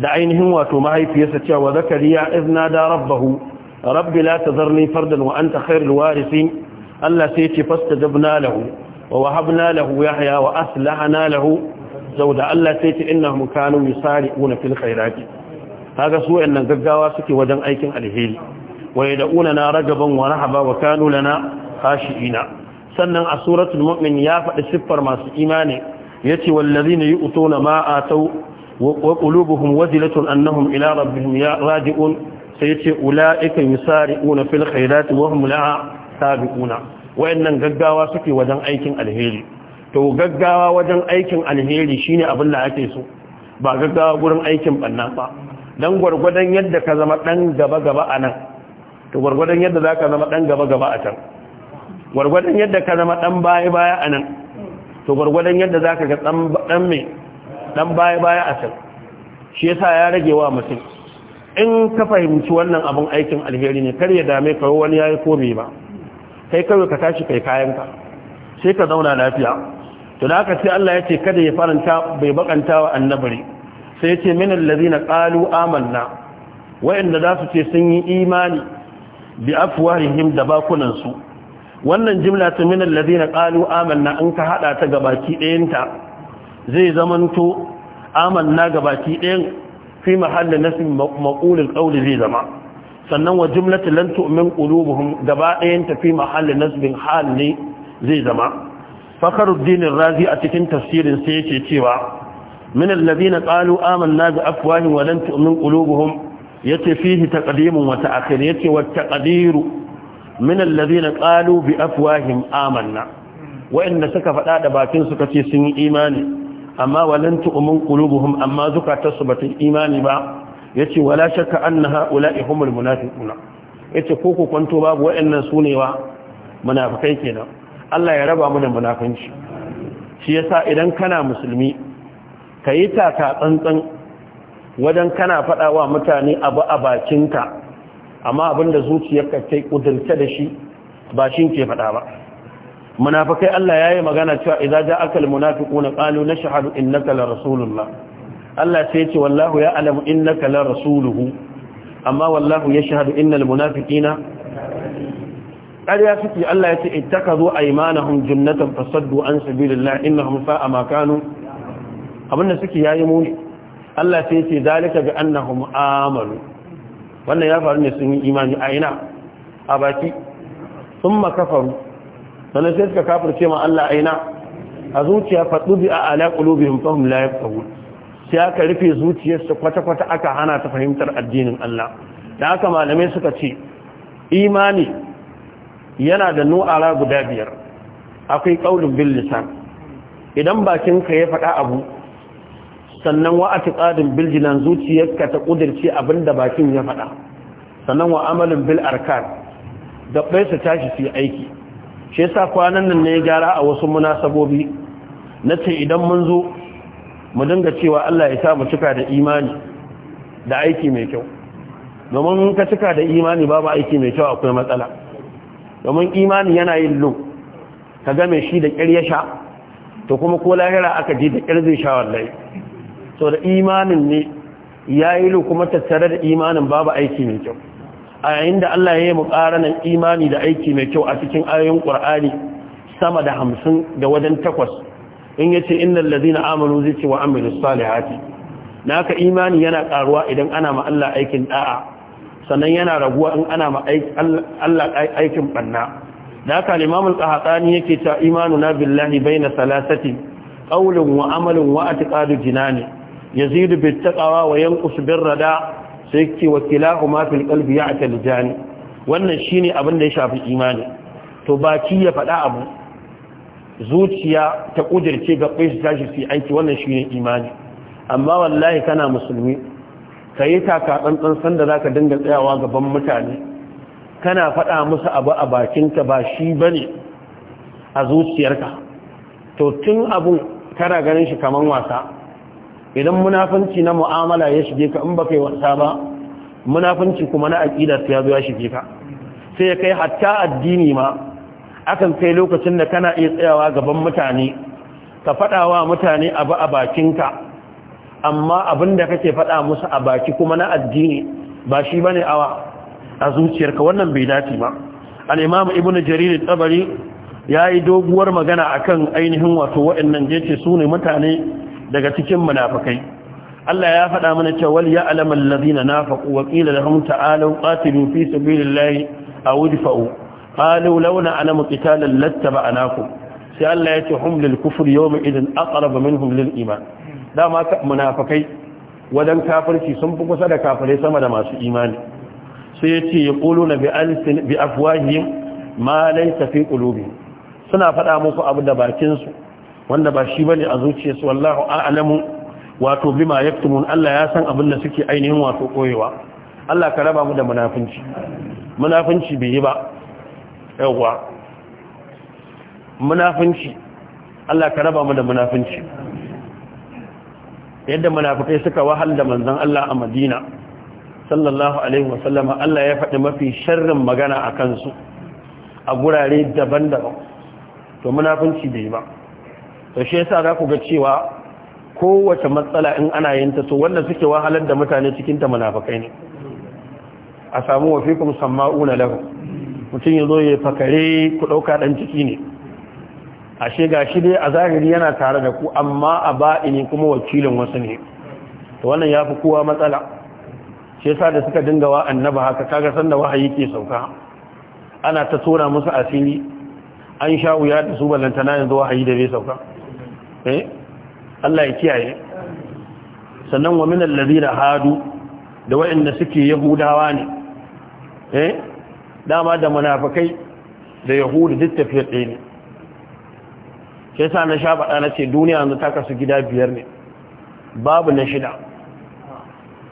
da ainihin wato mahaifiyarsa cewa zakariya izna da rabbahu rabbi la tazarni fardan wa anta khairul warithin Allah sai ce fastajabna lahu wa wahabna lahu yahya wa aslahna lahu zauda Allah sai ce innahum kanu yusari'una fil khairati kaga su wayannan gaggawa suke wajen aikin alheri wa yad'una na ragaban wa rahaba wa kanu lana khashi'ina sannan a suratul mu'min ya faɗi siffar masu imani yace wallazina yu'tuna ma atau wa qulubuhum wajilatun annahum ila rabbihim raji'un sai yace ulaika yusari'una fil khairati wa hum laha sabiquna wayannan gaggawa suke wajen aikin alheri to gaggawa wajen aikin alheri shine abin da ake so ba gaggawa gurin aikin banna ba dan gwargwadon yadda ka zama dan gaba gaba anan to gwargwadon yadda zaka zama dan gaba gaba a can gwargwadon yadda ka zama dan baya baya a nan to gwargwadon yadda za ka ga dan baya baya a can shi yasa ya rage wa mutum in ka fahimci wannan abin aikin alheri ne kar ya dame ka wani yayi komai ba kai kawai ka tashi kai kayanka sai ka zauna lafiya to da aka ce Allah ya ce kada ya faranta bai bakanta wa annabari sai ya ce min allazina qalu amanna wa'inda za su ce sun yi imani bi afwahihim da bakunansu. wannan jimla ta min alladhina qalu amanna in ka haɗa ta gabaki ɗayanta zai zamanto amanna gabaki ɗayan fi mahallin nasb maqulul qawli zai zama sannan wa jumlatu lan tu'min qulubuhum gaba ɗayanta fi mahallin nasbin hal ne zai zama fakhruddin razi a cikin tafsirin sai yake cewa Amanna من الذين قالوا آمنا بأفواه ولن تؤمن قلوبهم يتفيه تقديم yace يتي والتقدير min allazina qalu bi afwahim amanna wa'anda suka faɗa da bakin suka ce sun yi imani amma walan tu'min qulubuhum amma zukatarsu bata imani ba yace wala shakka anna ha'ula'i humul munafiquna yace ko ku kwanto babu wa'annan sune wa munafikai kenan Allah ya raba mu da munafinci shi yasa idan kana musulmi kayi taka tsantsan wajen kana faɗa wa mutane abu a bakinka amma abinda zuciyarka ta kudurta da shi ba shi ke faɗa ba munafakai Allah ya yi magana cewa idza ja'aka almunafiquna qalu nashhadu innaka la rasulullah Allah sai ya ce wallahu ya ya'lamu innaka la rasuluhu amma wallahu ya yashhadu innal munafiqina ƙarya suke Allah ya ce ittakadu aymanahum jannatan fasaddu an sabilillah innahum sa'a ma kanu abinda suke yayi muni Allah sai ya ce zalika bi annahum amanu wannan ya faru ne sun yi imani a ina a baki sun makafaru sannan sai suka kafirce ma Allah a ina a zuciya faɗu bi a ala qulubihim fahum la yafqahun sai aka rufe zuciyarsa kwata-kwata aka hana ta fahimtar addinin Allah da haka malamai suka ce imani yana da nu'ara guda biyar akwai qaulun bin lisan idan bakinka ya faɗa abu sannan wa atiqadin bil jinan zuciyarka ta kudirce abinda bakin ya faɗa sannan wa amalin bil arkan da bai su tashi su aiki shi yasa kwanan nan ne gyara a wasu munasabobi nace idan mun zo mu dinga cewa Allah ya sa mu cika da imani da aiki mai kyau domin ka cika da imani babu aiki mai kyau akwai matsala domin imani yana yin lu ka game shi da sha, to kuma ko lahira aka ji da ƙirzin sha wallahi so da imanin ne ya yi kuma tattare da imanin babu aiki mai kyau a yayin da Allah ya yi muƙaranan imani da aiki mai kyau a cikin ayoyin ƙur'ani sama da hamsin da wajen takwas in yace ce ladina amanu zai ce wa amiru salihati na imani yana karuwa idan ana ma Allah aikin ɗa'a sannan yana raguwa in ana ma Allah aikin banna da Imam al-Qahtani yake ta imanu na billahi baina salasati ƙaulin wa amalin wa jina ne yazidu bai taqwa wa yanqus rada sai wakila wakilahu ma fil qalbi ya'tal jani wannan shine abin da ya shafi imani to baki ya faɗa abu zuciya ta kudirce ga kai su tashi su aiki wannan shine imani amma wallahi kana musulmi kayi taka tsantsan sanda zaka dinga tsayawa gaban mutane kana faɗa musu abu a bakinka ba shi bane a zuciyarka to tun abun kana ganin shi kaman wasa idan munafanci na mu'amala ya shige ka in ba kai wasa ba munafanci kuma na aƙida ya zo ya shige ka sai ya kai hatta addini ma akan kai lokacin da kana iya tsayawa gaban mutane ka faɗa wa mutane abu a bakinka amma abin da kake faɗa musu a baki kuma na addini ba shi bane awa a zuciyarka wannan bai dace ba al imamu ibnu jarir at-tabari yayi doguwar magana akan ainihin wato Waɗannan jece su ne mutane daga cikin munafikai Allah ya faɗa mana cewa wal ya'lamu allazina nafaqu wa qila lahum ta'alu qatilu fi sabilillahi aw idfa'u qalu law na'lamu qitalan lattaba'nakum sai Allah ya ce hum lil kufri yawma idin aqrabu minhum lil iman dama munafikai wadan kafirci sun fi kusa da kafirai sama da masu imani sai ya ce yaquluna bi alsin bi afwahihim ma laysa fi qulubihim suna faɗa muku abu da bakin su wanda ba shi bane a zuciyarsu wallahu a'lamu wato bima yaktumun Allah ya san abin da suke ainihin wato koyewa Allah ka raba mu da munafinci munafinci bai yi ba yawa munafinci Allah ka raba mu da munafinci yadda munafikai suka wahal da manzon Allah a Madina sallallahu alaihi wa wasallama Allah ya faɗi mafi sharrin magana a kansu a gurare daban-daban to munafinci bai yi ba to shi yasa za ku ga cewa kowace matsala in ana yin ta so wanda suke wahalar da mutane cikin ta munafikai ne a samu wa fikum sama'una lahu mutum yazo ya fakare ku dauka dan ciki ne ashe gashi dai a zahiri yana tare da ku amma a ba'ini kuma wakilin wasu ne to wannan yafi kowa matsala shi yasa da suka dinga wa annaba haka kaga da wahayi ke sauka ana ta tona musu asiri an sha wuya da su balantana yanzu wahayi da bai sauka eh Allah ya kiyaye sannan wa min allazina hadu da wa'anda suke yahudawa ne eh dama da munafikai da yahudu duk tafiye ɗaya ne sai sa na sha faɗa na ce duniya yanzu ta kasu gida biyar ne babu na shida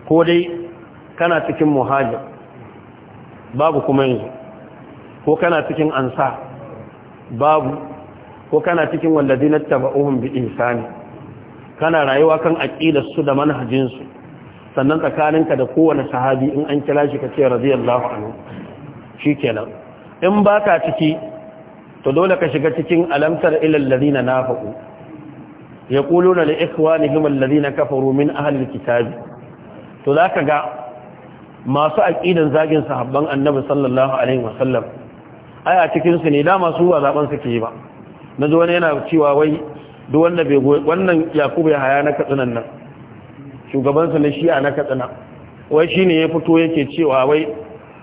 ko dai kana cikin muhajir babu kuma yanzu ko kana cikin ansa babu ko kana cikin wallazina taba'uhum bi ihsani kana rayuwa kan aqidar su da manhajinsu sannan tsakaninka da kowane sahabi in an kira shi kace radiyallahu anhu shikenan in baka ciki to dole ka shiga cikin alamtar ila alladhina nafaqu yaquluna li ikhwanihim alladhina kafaru min ahli alkitab to zaka ga masu aqidan zagin sahabban annabi sallallahu alaihi wasallam aya cikin su ne da masu wa zaban suke yi ba na ji wani yana cewa wai duk wanda bai goyi wannan yakubu ya haya na katsinan nan shugabansa na shi'a na katsina wai shi ne ya fito yake cewa wai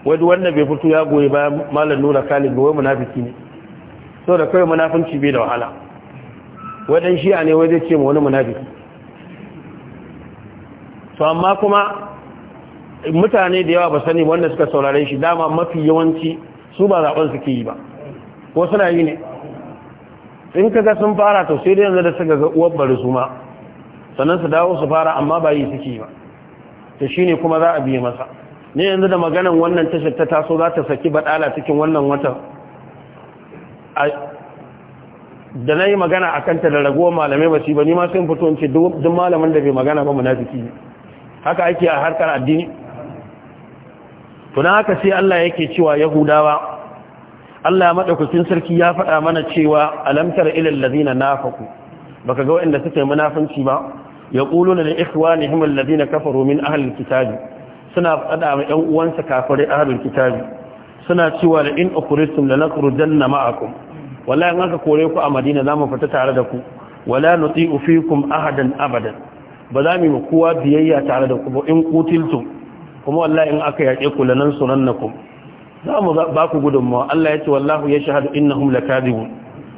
wai wanda bai fito ya goyi ba malam nura khalid ba wai munafiki ne so da kawai munafinci bai da wahala wadan shi'a ne wai zai ce ma wani munafiki to amma kuma mutane da yawa ba sani wanda suka saurare shi dama mafi yawanci su ba zaɓen suke yi ba ko suna yi ne in ka ga sun fara to sai dai yanzu da suka ga uwar bari su ma sannan su dawo su fara amma ba yi suke ba to shine kuma za a biye masa ne yanzu da maganan wannan tashar ta taso za ta saki badala cikin wannan watan da na yi magana a kanta da ragowar malamai ba shi ba ni ma sun fito ce duk malamin da bai magana ba munafiki haka ake a harkar addini to haka sai Allah yake cewa yahudawa Allah madaukakin sarki ya faɗa mana cewa alamtar ilal ladina Ba baka ga waɗanda suke munafunci ba Ya yaquluna li ikhwanihim lazina kafa romin ahalin kitabi. suna faɗa ma ƴan uwansa kafirai ahalin kitabi. suna cewa da in ukhrijtum lanakhrujanna ma'akum wallahi in aka kore ku a Madina zamu fita tare da ku wala nutsi fikum ahadan abadan ba za mu yi kowa biyayya tare da ku ba in kutiltum kuma wallahi in aka yaƙe ku lanan sunannakum za mu ba ku gudunmawa Allah ya ce wallahu ya shahadu innahum lakadibun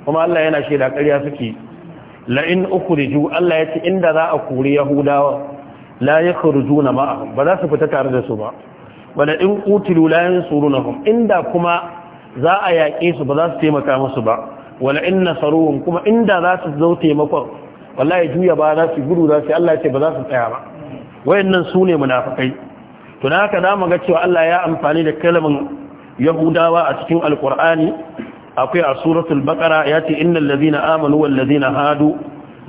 kuma Allah yana shaida ƙarya suke la in ukhriju Allah ya ce inda za a kori yahudawa la yakhrujuna ma'ahum ba za su fita tare da su ba wala in qutilu la yansurunhum inda kuma za a yaƙe su ba za su taimaka musu ba wala in nasaruhum kuma inda za su zo taimako wallahi juya ba za su gudu za su Allah ya ce ba za su tsaya ba wayannan su ne munafikai to haka za mu ga cewa Allah ya amfani da kalmar yahudawa a cikin alkur'ani akwai a suratul baqara yace innal ladina amanu wal ladina hadu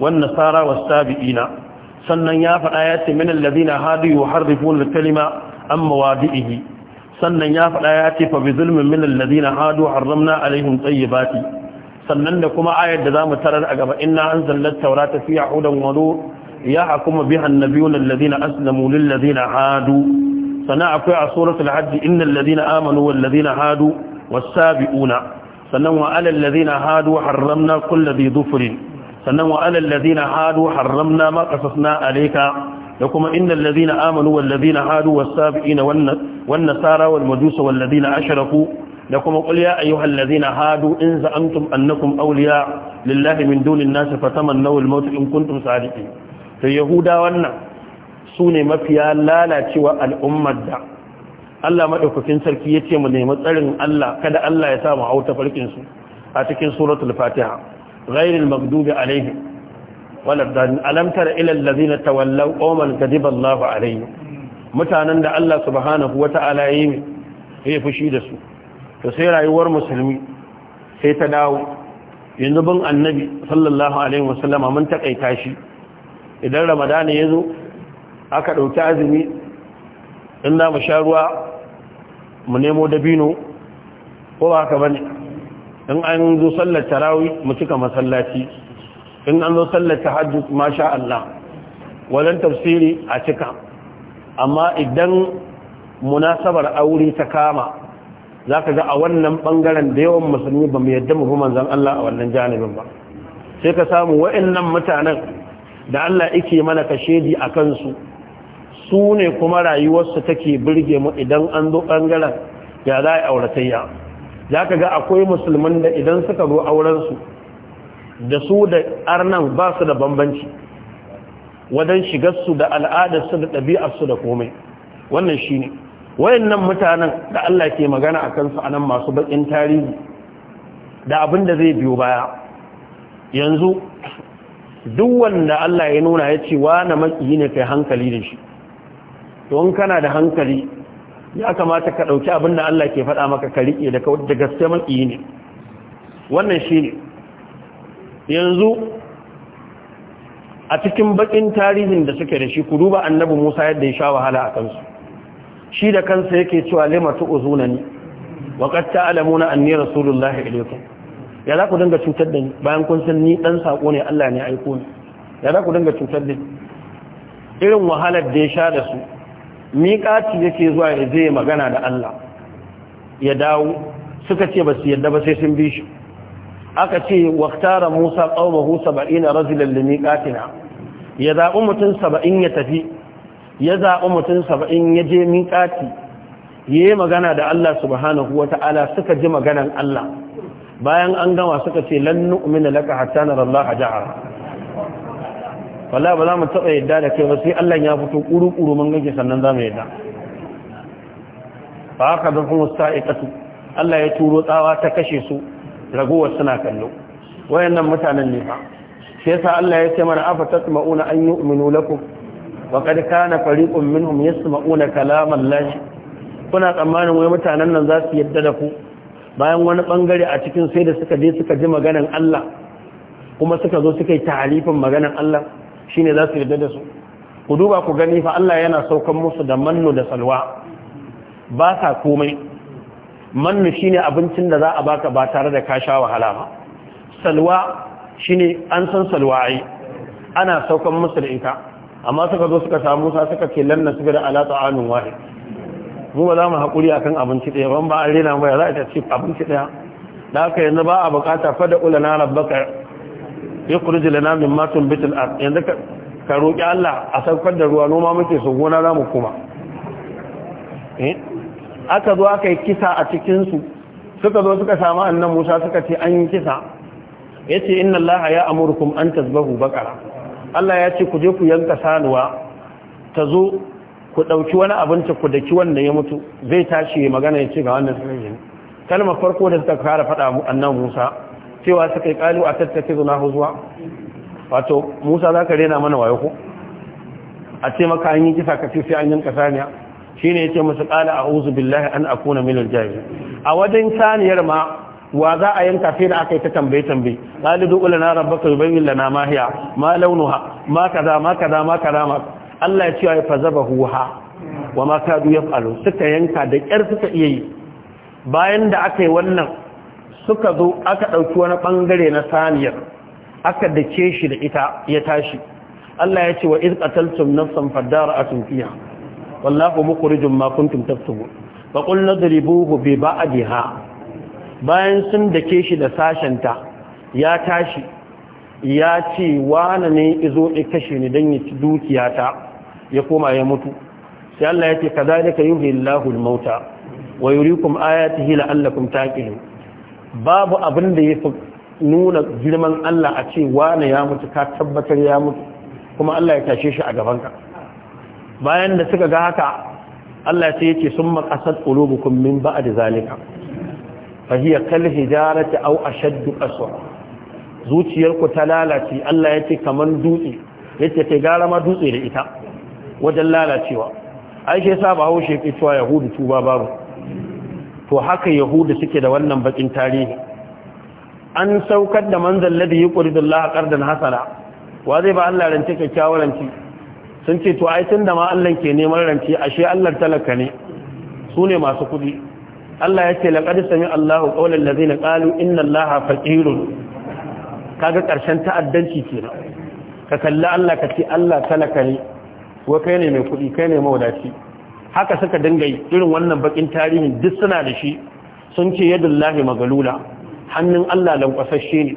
wan nasara was sannan ya faɗa ce minal ladina hadu yuharrifuna al kalima an mawadihi sannan ya faɗa yace fa bi zulmin minal ladina hadu harramna alaihim tayyibati sannan da kuma ayar da zamu tarar a gaba inna anzalna at-taurata fiha hudan wa nur yahkumu biha an-nabiyuna alladhina aslamu lil ladina hadu sannan akwai a suratul hajji innal ladina amanu wal ladina hadu was-sabiuna sannan wa alal ladina hadu harramna kulli dhi dhufrin sannan wa alal ladina hadu harramna ma qasasna alayka da kuma innal ladina amanu wal ladina hadu was-sabiina wan nasara wal majus wal ladina ashraku da kuma qul ya ayyuhal ladina hadu in za'amtum annakum awliya lillahi min dunin nas fatamannaw al-maut in kuntum sadiqin to yahuda wannan su ne mafiya lalacewa al'ummar da Allah maɗaukakin sarki ya ce mu nemi tsarin Allah kada Allah ya sa a hauta farkinsu a cikin suratul fatiha ghairil maghdubi alaihim waladdallin alam Alamtar ila allazina tawallaw qauman kadiba Allahu alaihim mutanen da Allah subhanahu wata'ala yayi ya fushi da su to sai rayuwar musulmi sai ta dawo yanzu bin annabi sallallahu alaihi wasallama mun takaita shi idan ramadana zo. aka ɗauki azumi in na mu ruwa mu nemo dabino ko ba haka bane in an zo sallar tarawi mu cika masallaci in an zo sallar tahajjud masha Allah wajen tafsiri a cika amma idan munasabar aure ta kama zaka ga a wannan bangaren da yawan musulmi ba mu yadda mu zan Allah a wannan janibin ba sai ka samu wa'annan mutanen da Allah yake mana kashedi a kansu su ne kuma rayuwarsu take birge mu idan an zo ɓangaren ya za a auratayya za ka ga akwai musulman da idan suka zo aurensu da su da arnan ba su da bambanci wajen shigarsu da al'adarsu da ɗabi'arsu da komai wannan shi ne wayannan mutanen da Allah ke magana a kansu a nan masu baƙin tarihi da abin da zai biyo baya yanzu duk wanda Allah ya nuna ya ce wa na maƙi ne kai hankali da shi to in kana da hankali ya kamata ka ɗauki abin da Allah ke faɗa maka ka riƙe da kawai da gaske yi ne wannan shi ne yanzu a cikin baƙin tarihin da suke da shi ku duba annabi musa yadda ya sha wahala a kansu shi da kansa yake cewa lima tu'uzuna ni wa qad ta'lamuna anni rasulullahi ilaykum ya za ku dinga cutar da ni bayan kun san ni dan sako ne Allah ne aiko ni ya za ku dinga cutar da ni irin wahalar da ya sha da su miƙaci yake zuwa ya je magana da Allah ya dawo suka ce ba su yadda ba sai sun bi shi aka ce waktara musa ƙaumahu saba'ina rajulan limiƙatina ya zaɓi mutum saba'in ya tafi ya zaɓi mutum saba'in ya je miƙati ya yi magana da Allah subhanahu wa ta'ala suka ji maganan Allah bayan an gama suka ce lan nu'mina laka hatta nara Allah jihar. Wala ba za mu taɓa yadda da kai ba sai Allah ya fito ƙuru-ƙuru mun ganke sannan za mu yadda ba haka da kuma sa'iqatu Allah ya turo tsawa ta kashe su ragowar suna kallo wayannan mutanen ne fa sai yasa Allah ya ce mana afa ma'una an yu'minu lakum wa qad kana fariqun minhum ma'una kalaman lahi kuna tsammanin wai mutanen nan za su yadda da ku bayan wani bangare a cikin sai da suka je suka ji maganan Allah kuma suka zo suka yi tahalifin maganan Allah shine za su yarda da su ku duba ku gani fa Allah yana saukan musu da mannu da salwa ba sa komai mannu shine abincin da za a baka ba tare da ka sha wahala ba salwa shine an san salwa ai ana saukan musu da ita amma suka zo suka samu sa suka ke lanna su da ala ta'amin wahid mu ba za mu haƙuri akan abinci ɗaya ban ba an rena ba za a ce abinci ɗaya da haka yanzu ba a bukata fada ulana rabbaka yukhrij lana min matun al-ard yanzu ka roki Allah a saukar da ruwa noma muke so gona mu kuma eh aka zo aka yi kisa a cikin su suka zo suka samu annan Musa suka ce an yi kisa yace inna Allah ya amurkum an tazbahu baqara Allah ya ce ku je ku yanka sanuwa ta zo ku ɗauki wani abinci ku daki wanda ya mutu zai tashi magana ya ce ga wannan sunan kalmar farko da suka fara faɗa annan Musa cewa suka yi kalu a tattace zuna huzuwa wato musa za ka rena mana wayo ko a ce maka an yi kisa ka sai an yanka saniya shi ne ya ce musu kala a huzu billahi an kuna milar jari a wajen saniyar ma wa za a yanka sai da aka yi ta tambaye tambaye kalu duk ulana rabbaka zubai illa ma mahiya ma launuha ma kaza ma kaza ma kaza ma Allah ya ce ya fazabahu ha wa ma kadu yaf'alu suka yanka da kyar suka iya yi bayan da aka yi wannan suka zo aka ɗauki wani ɓangare na saniyar aka dake shi da ita ya tashi Allah ya ce wa iz qataltum nafsan fadara'atun fiha wallahu mukhrijum ma kuntum taktubun fa qulna dribuhu bi ba'dihha bayan sun dake shi da sashen ya tashi ya ce wane ne izo ya kashe ni dan ya ci dukiyata ya koma ya mutu sai Allah ya ce kadhalika yuhillahu al-mauta wa yuriikum ayatihi la'allakum taqilun babu abin da ya fi nuna girman Allah a ce wane ya mutu ka tabbatar ya mutu kuma Allah ya tashe shi a gabanka bayan da suka ga haka Allah ya ce sun makasar qulubukum min ba'd zalika fa hiya kal hijarati aw ashaddu qaswa zuciyarku ta lalace Allah ce kaman dutse yace kai gara ma dutse da ita wajen lalacewa ai sai sa ba haushe ke cewa yahudu tuba babu to haka Yahuda suke da wannan bakin tarihi an saukar da manzal ladi yi ƙuridullah ƙardan hasana wa zai ba Allah rance kyakkyawar rance sun ce to ai tunda da ma Allah ke neman rance ashe Allah talaka ne su masu kuɗi Allah ya ce laqad sami Allahu qawlan ladina qalu inna Allaha faqirun kaga ƙarshen ta'addanci kenan ka kalli Allah ka ce Allah talaka ne wa kai ne mai kuɗi kai ne mawadaci haka suka dinga yi irin wannan bakin tarihin duk suna da shi sun ce yadda yadullahi magalula hannun Allah lankwasashe ne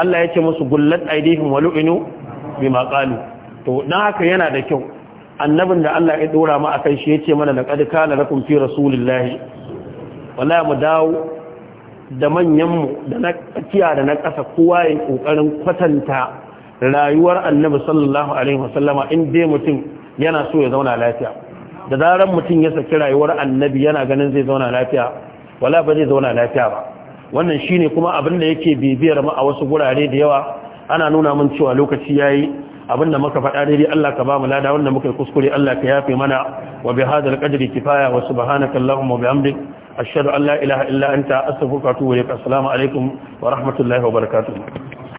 Allah ya ce musu gullat aidihin walu'inu bi maƙalu to dan haka yana da kyau annabin da Allah ya dora a kan shi yace mana da na kana lakum fi rasulillahi wallahi mu dawo da manyan mu da na kiya da na ƙasa kowa ya kokarin kwatanta rayuwar annabi sallallahu alaihi wasallama in dai mutum yana so ya zauna lafiya da zaran mutum ya saki rayuwar annabi yana ganin zai zauna lafiya wala ba zai zauna lafiya ba wannan shine kuma abin da yake bibiyar mu a wasu gurare da yawa ana nuna mun cewa lokaci yayi abinda muka faɗa daidai Allah ka ba mu lada wanda muka kuskure Allah ka yafe mana wa bi hadal qadri kifaya wa subhanaka allahumma wa bihamdik ashhadu an la ilaha illa anta astaghfiruka wa atubu ilaik assalamu alaikum wa rahmatullahi wa barakatuh